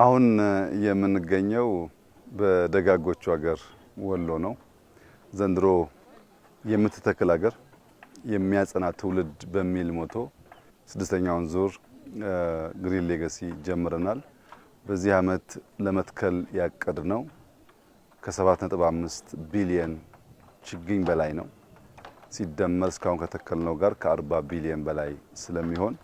አሁን የምንገኘው በደጋጎቹ ሀገር ወሎ ነው። ዘንድሮ የምትተክል ሀገር የሚያጸና ትውልድ በሚል ሞቶ ስድስተኛውን ዙር ግሪን ሌገሲ ጀምረናል። በዚህ አመት ለመትከል ያቀድ ነው ከ7.5 ቢሊየን ችግኝ በላይ ነው ሲደመር እስካሁን ከተከልነው ጋር ከ40 ቢሊየን በላይ ስለሚሆን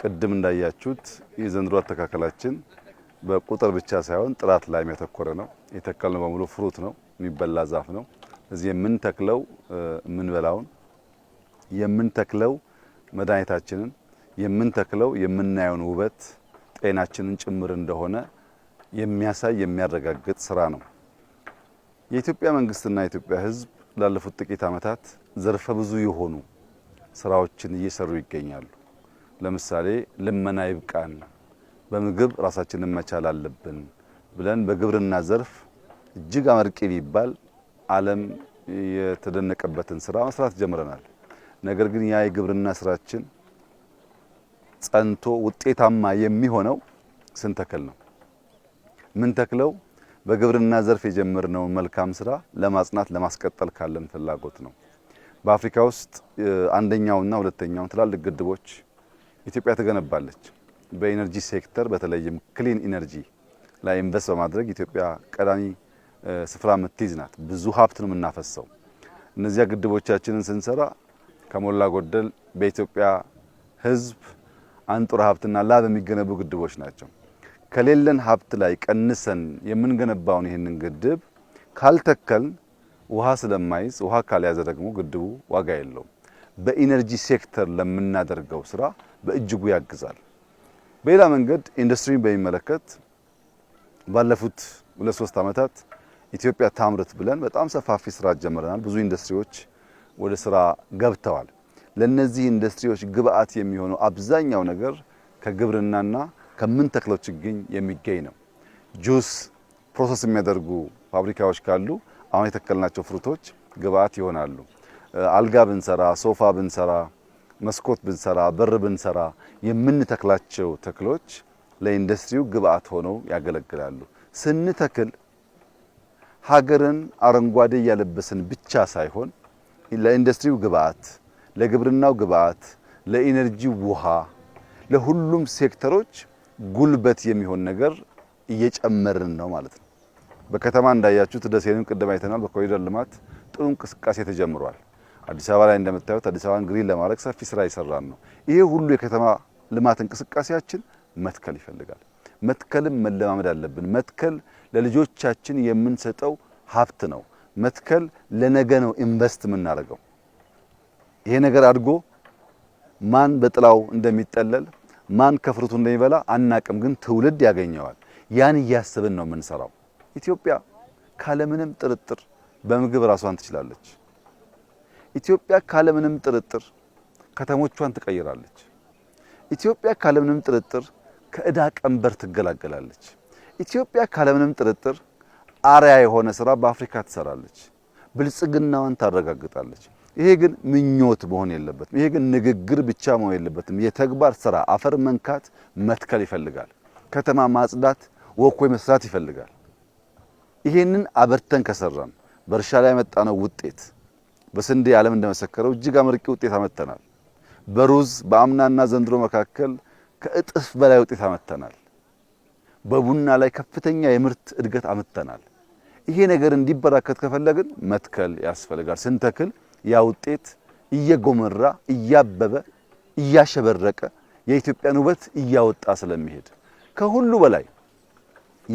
ቅድም እንዳያችሁት የዘንድሮ አተካከላችን በቁጥር ብቻ ሳይሆን ጥራት ላይ የሚያተኮረ ነው። የተከልነው በሙሉ ፍሩት ነው፣ የሚበላ ዛፍ ነው። ስለዚህ የምንተክለው የምንበላውን፣ የምንተክለው መድኃኒታችንን፣ የምንተክለው የምናየውን ውበት ጤናችንን ጭምር እንደሆነ የሚያሳይ የሚያረጋግጥ ስራ ነው። የኢትዮጵያ መንግስትና የኢትዮጵያ ሕዝብ ላለፉት ጥቂት ዓመታት ዘርፈ ብዙ የሆኑ ስራዎችን እየሰሩ ይገኛሉ። ለምሳሌ ልመና ይብቃን በምግብ ራሳችንን መቻል አለብን ብለን በግብርና ዘርፍ እጅግ አመርቂ ቢባል ዓለም የተደነቀበትን ስራ መስራት ጀምረናል። ነገር ግን ያ የግብርና ስራችን ጸንቶ ውጤታማ የሚሆነው ስንተክል ነው። ምን ተክለው በግብርና ዘርፍ የጀመርነውን መልካም ስራ ለማጽናት ለማስቀጠል ካለን ፍላጎት ነው። በአፍሪካ ውስጥ አንደኛውና ሁለተኛውን ትላልቅ ግድቦች ኢትዮጵያ ትገነባለች። በኢነርጂ ሴክተር በተለይም ክሊን ኢነርጂ ላይ ኢንቨስት በማድረግ ኢትዮጵያ ቀዳሚ ስፍራ የምትይዝ ናት። ብዙ ሀብት ነው የምናፈሰው። እነዚያ ግድቦቻችንን ስንሰራ ከሞላ ጎደል በኢትዮጵያ ሕዝብ አንጡራ ሀብትና ላብ የሚገነቡ ግድቦች ናቸው። ከሌለን ሀብት ላይ ቀንሰን የምንገነባውን ይህንን ግድብ ካልተከል ውሃ ስለማይዝ፣ ውሃ ካልያዘ ደግሞ ግድቡ ዋጋ የለውም። በኢነርጂ ሴክተር ለምናደርገው ስራ በእጅጉ ያግዛል። በሌላ መንገድ ኢንዱስትሪን በሚመለከት ባለፉት ሁለት ሶስት ዓመታት ኢትዮጵያ ታምርት ብለን በጣም ሰፋፊ ስራ ጀምረናል። ብዙ ኢንዱስትሪዎች ወደ ስራ ገብተዋል። ለነዚህ ኢንዱስትሪዎች ግብአት የሚሆነው አብዛኛው ነገር ከግብርናና ከምን ተክለው ችግኝ የሚገኝ ነው። ጁስ ፕሮሰስ የሚያደርጉ ፋብሪካዎች ካሉ አሁን የተከልናቸው ፍሩቶች ግብአት ይሆናሉ። አልጋ ብንሰራ፣ ሶፋ ብንሰራ መስኮት ብንሰራ፣ በር ብንሰራ የምንተክላቸው ተክሎች ለኢንዱስትሪው ግብአት ሆነው ያገለግላሉ። ስንተክል ሀገርን አረንጓዴ እያለበስን ብቻ ሳይሆን ለኢንዱስትሪው ግብአት፣ ለግብርናው ግብአት፣ ለኢነርጂ ውሃ፣ ለሁሉም ሴክተሮች ጉልበት የሚሆን ነገር እየጨመርን ነው ማለት ነው። በከተማ እንዳያችሁት ደሴንም ቅድም አይተናል። በኮሪደር ልማት ጥሩ እንቅስቃሴ ተጀምሯል። አዲስ አበባ ላይ እንደምታዩት አዲስ አበባን ግሪን ለማድረግ ሰፊ ስራ ይሰራን ነው። ይሄ ሁሉ የከተማ ልማት እንቅስቃሴያችን መትከል ይፈልጋል። መትከልም መለማመድ አለብን። መትከል ለልጆቻችን የምንሰጠው ሀብት ነው። መትከል ለነገ ነው ኢንቨስት የምናደርገው። ይሄ ነገር አድጎ ማን በጥላው እንደሚጠለል ማን ከፍሩቱ እንደሚበላ አናቅም፣ ግን ትውልድ ያገኘዋል። ያን እያሰብን ነው የምንሰራው። ኢትዮጵያ ካለምንም ጥርጥር በምግብ ራሷን ትችላለች። ኢትዮጵያ ካለምንም ጥርጥር ከተሞቿን ትቀይራለች። ኢትዮጵያ ካለምንም ጥርጥር ከእዳ ቀንበር ትገላገላለች። ኢትዮጵያ ካለምንም ጥርጥር አርያ የሆነ ስራ በአፍሪካ ትሰራለች፣ ብልጽግናዋን ታረጋግጣለች። ይሄ ግን ምኞት መሆን የለበትም። ይሄ ግን ንግግር ብቻ መሆን የለበትም። የተግባር ስራ አፈር መንካት፣ መትከል ይፈልጋል። ከተማ ማጽዳት፣ ወኮይ መስራት ይፈልጋል። ይሄንን አበርተን ከሰራን በእርሻ ላይ ነው ውጤት በስንዴ ዓለም እንደመሰከረው እጅግ አመርቂ ውጤት አመተናል። በሩዝ በአምናና ዘንድሮ መካከል ከእጥፍ በላይ ውጤት አመተናል። በቡና ላይ ከፍተኛ የምርት እድገት አመተናል። ይሄ ነገር እንዲበራከት ከፈለግን መትከል ያስፈልጋል። ስንተክል ያ ውጤት እየጎመራ እያበበ እያሸበረቀ የኢትዮጵያን ውበት እያወጣ ስለሚሄድ ከሁሉ በላይ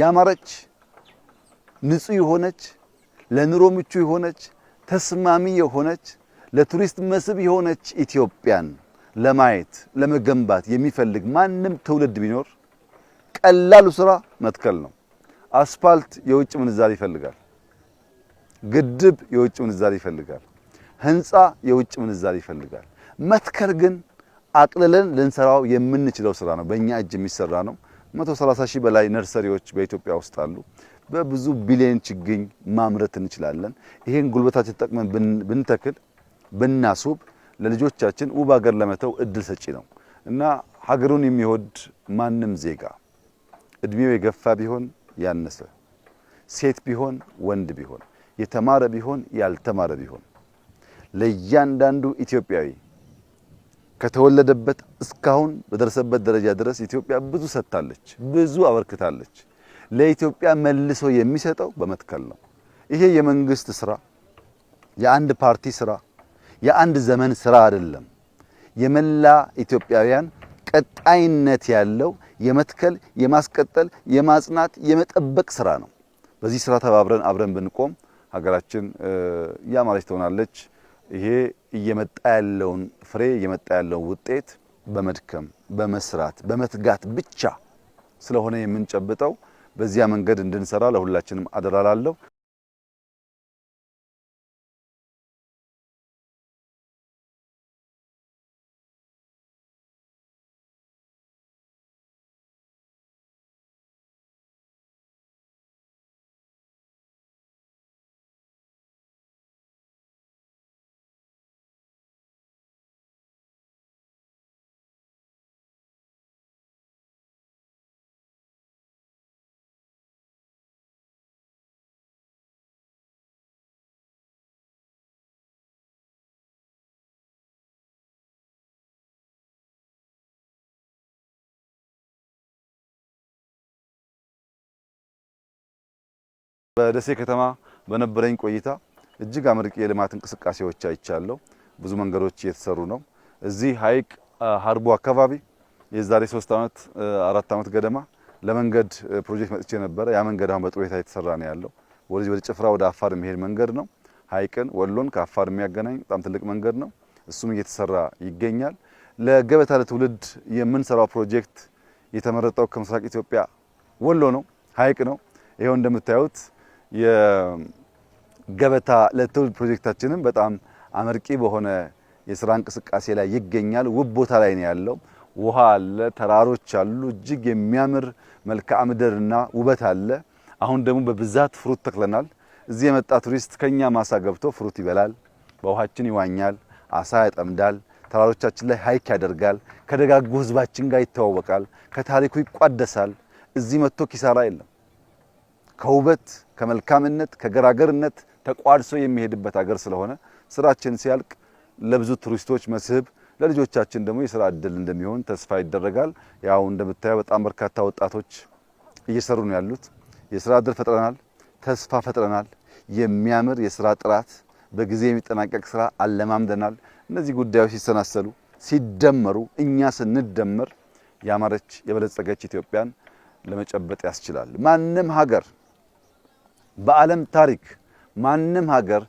ያማረች ንጹህ የሆነች ለኑሮ ምቹ የሆነች ተስማሚ የሆነች ለቱሪስት መስህብ የሆነች ኢትዮጵያን ለማየት ለመገንባት የሚፈልግ ማንም ትውልድ ቢኖር ቀላሉ ስራ መትከል ነው። አስፋልት የውጭ ምንዛሪ ይፈልጋል። ግድብ የውጭ ምንዛሪ ይፈልጋል። ህንፃ የውጭ ምንዛሪ ይፈልጋል። መትከል ግን አቅልለን ልንሰራው የምንችለው ስራ ነው። በእኛ እጅ የሚሰራ ነው። 130 ሺህ በላይ ነርሰሪዎች በኢትዮጵያ ውስጥ አሉ። በብዙ ቢሊዮን ችግኝ ማምረት እንችላለን። ይሄን ጉልበታችን ተጠቅመን ብንተክል ብናስውብ ለልጆቻችን ውብ ሀገር ለመተው እድል ሰጪ ነው እና ሀገሩን የሚወድ ማንም ዜጋ እድሜው የገፋ ቢሆን ያነሰ፣ ሴት ቢሆን ወንድ ቢሆን፣ የተማረ ቢሆን ያልተማረ ቢሆን ለእያንዳንዱ ኢትዮጵያዊ ከተወለደበት እስካሁን በደረሰበት ደረጃ ድረስ ኢትዮጵያ ብዙ ሰጥታለች፣ ብዙ አበርክታለች። ለኢትዮጵያ መልሶ የሚሰጠው በመትከል ነው። ይሄ የመንግስት ስራ፣ የአንድ ፓርቲ ስራ፣ የአንድ ዘመን ስራ አይደለም። የመላ ኢትዮጵያውያን ቀጣይነት ያለው የመትከል የማስቀጠል፣ የማጽናት፣ የመጠበቅ ስራ ነው። በዚህ ስራ ተባብረን አብረን ብንቆም ሀገራችን እያማረች ትሆናለች። ይሄ እየመጣ ያለውን ፍሬ እየመጣ ያለውን ውጤት በመድከም በመስራት በመትጋት ብቻ ስለሆነ የምንጨብጠው በዚያ መንገድ እንድንሰራ ለሁላችንም አደራላለሁ። በደሴ ከተማ በነበረኝ ቆይታ እጅግ አመርቂ የልማት እንቅስቃሴዎች አይቻለሁ። ብዙ መንገዶች እየተሰሩ ነው። እዚህ ሀይቅ ሀርቦ አካባቢ የዛሬ ሶስት ዓመት አራት ዓመት ገደማ ለመንገድ ፕሮጀክት መጥቼ ነበረ። ያ መንገድ አሁን በጥሩ ሁኔታ የተሰራ ነው ያለው። ወደዚህ ወደ ጭፍራ ወደ አፋር የሚሄድ መንገድ ነው። ሀይቅን ወሎን ከአፋር የሚያገናኝ በጣም ትልቅ መንገድ ነው። እሱም እየተሰራ ይገኛል። ለገበታ ለትውልድ የምንሰራው ፕሮጀክት የተመረጠው ከምስራቅ ኢትዮጵያ ወሎ ነው፣ ሀይቅ ነው። ይኸው እንደምታዩት የገበታ ለትውልድ ፕሮጀክታችንም በጣም አመርቂ በሆነ የስራ እንቅስቃሴ ላይ ይገኛል። ውብ ቦታ ላይ ነው ያለው። ውሃ አለ፣ ተራሮች አሉ፣ እጅግ የሚያምር መልክዓ ምድርና ውበት አለ። አሁን ደግሞ በብዛት ፍሩት ተክለናል። እዚህ የመጣ ቱሪስት ከኛ ማሳ ገብቶ ፍሩት ይበላል፣ በውሃችን ይዋኛል፣ አሳ ያጠምዳል፣ ተራሮቻችን ላይ ሀይክ ያደርጋል፣ ከደጋጉ ህዝባችን ጋር ይተዋወቃል፣ ከታሪኩ ይቋደሳል። እዚህ መጥቶ ኪሳራ የለም። ከውበት ከመልካምነት ከገራገርነት ተቋድሶ የሚሄድበት ሀገር ስለሆነ ስራችን ሲያልቅ ለብዙ ቱሪስቶች መስህብ ለልጆቻችን ደግሞ የስራ እድል እንደሚሆን ተስፋ ይደረጋል። ያው እንደምታየው በጣም በርካታ ወጣቶች እየሰሩ ነው ያሉት። የስራ እድል ፈጥረናል፣ ተስፋ ፈጥረናል። የሚያምር የስራ ጥራት፣ በጊዜ የሚጠናቀቅ ስራ አለማምደናል። እነዚህ ጉዳዮች ሲሰናሰሉ ሲደመሩ፣ እኛ ስንደመር ያማረች የበለጸገች ኢትዮጵያን ለመጨበጥ ያስችላል። ማንም ሀገር በዓለም ታሪክ ማንም ሀገር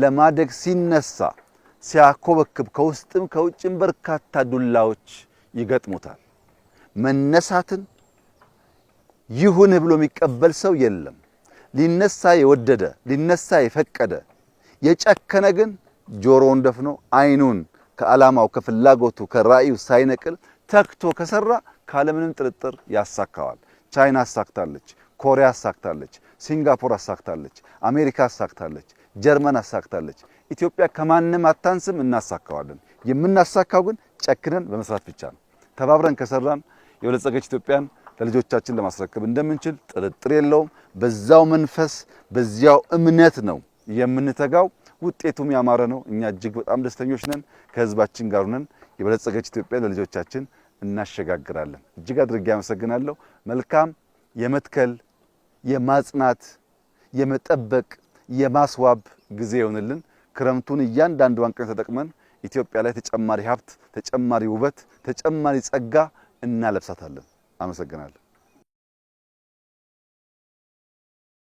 ለማደግ ሲነሳ ሲያኮበክብ ከውስጥም ከውጭም በርካታ ዱላዎች ይገጥሙታል። መነሳትን ይሁን ብሎ የሚቀበል ሰው የለም። ሊነሳ የወደደ ሊነሳ የፈቀደ የጨከነ ግን ጆሮውን ደፍኖ አይኑን ከዓላማው ከፍላጎቱ ከራእዩ ሳይነቅል ተክቶ ከሰራ ካለምንም ጥርጥር ያሳካዋል። ቻይና አሳክታለች። ኮሪያ አሳክታለች። ሲንጋፖር አሳክታለች፣ አሜሪካ አሳክታለች፣ ጀርመን አሳክታለች። ኢትዮጵያ ከማንም አታንስም፣ እናሳካዋለን። የምናሳካው ግን ጨክነን በመስራት ብቻ ነው። ተባብረን ከሰራን የበለጸገች ኢትዮጵያን ለልጆቻችን ለማስረከብ እንደምንችል ጥርጥር የለውም። በዛው መንፈስ በዚያው እምነት ነው የምንተጋው። ውጤቱም ያማረ ነው። እኛ እጅግ በጣም ደስተኞች ነን። ከህዝባችን ጋር ነን። የበለጸገች ኢትዮጵያ ለልጆቻችን እናሸጋግራለን። እጅግ አድርጌ አመሰግናለሁ። መልካም የመትከል የማጽናት የመጠበቅ የማስዋብ ጊዜ ይሆንልን። ክረምቱን እያንዳንዷን ቀን ተጠቅመን ኢትዮጵያ ላይ ተጨማሪ ሀብት፣ ተጨማሪ ውበት፣ ተጨማሪ ጸጋ እናለብሳታለን። አመሰግናለሁ።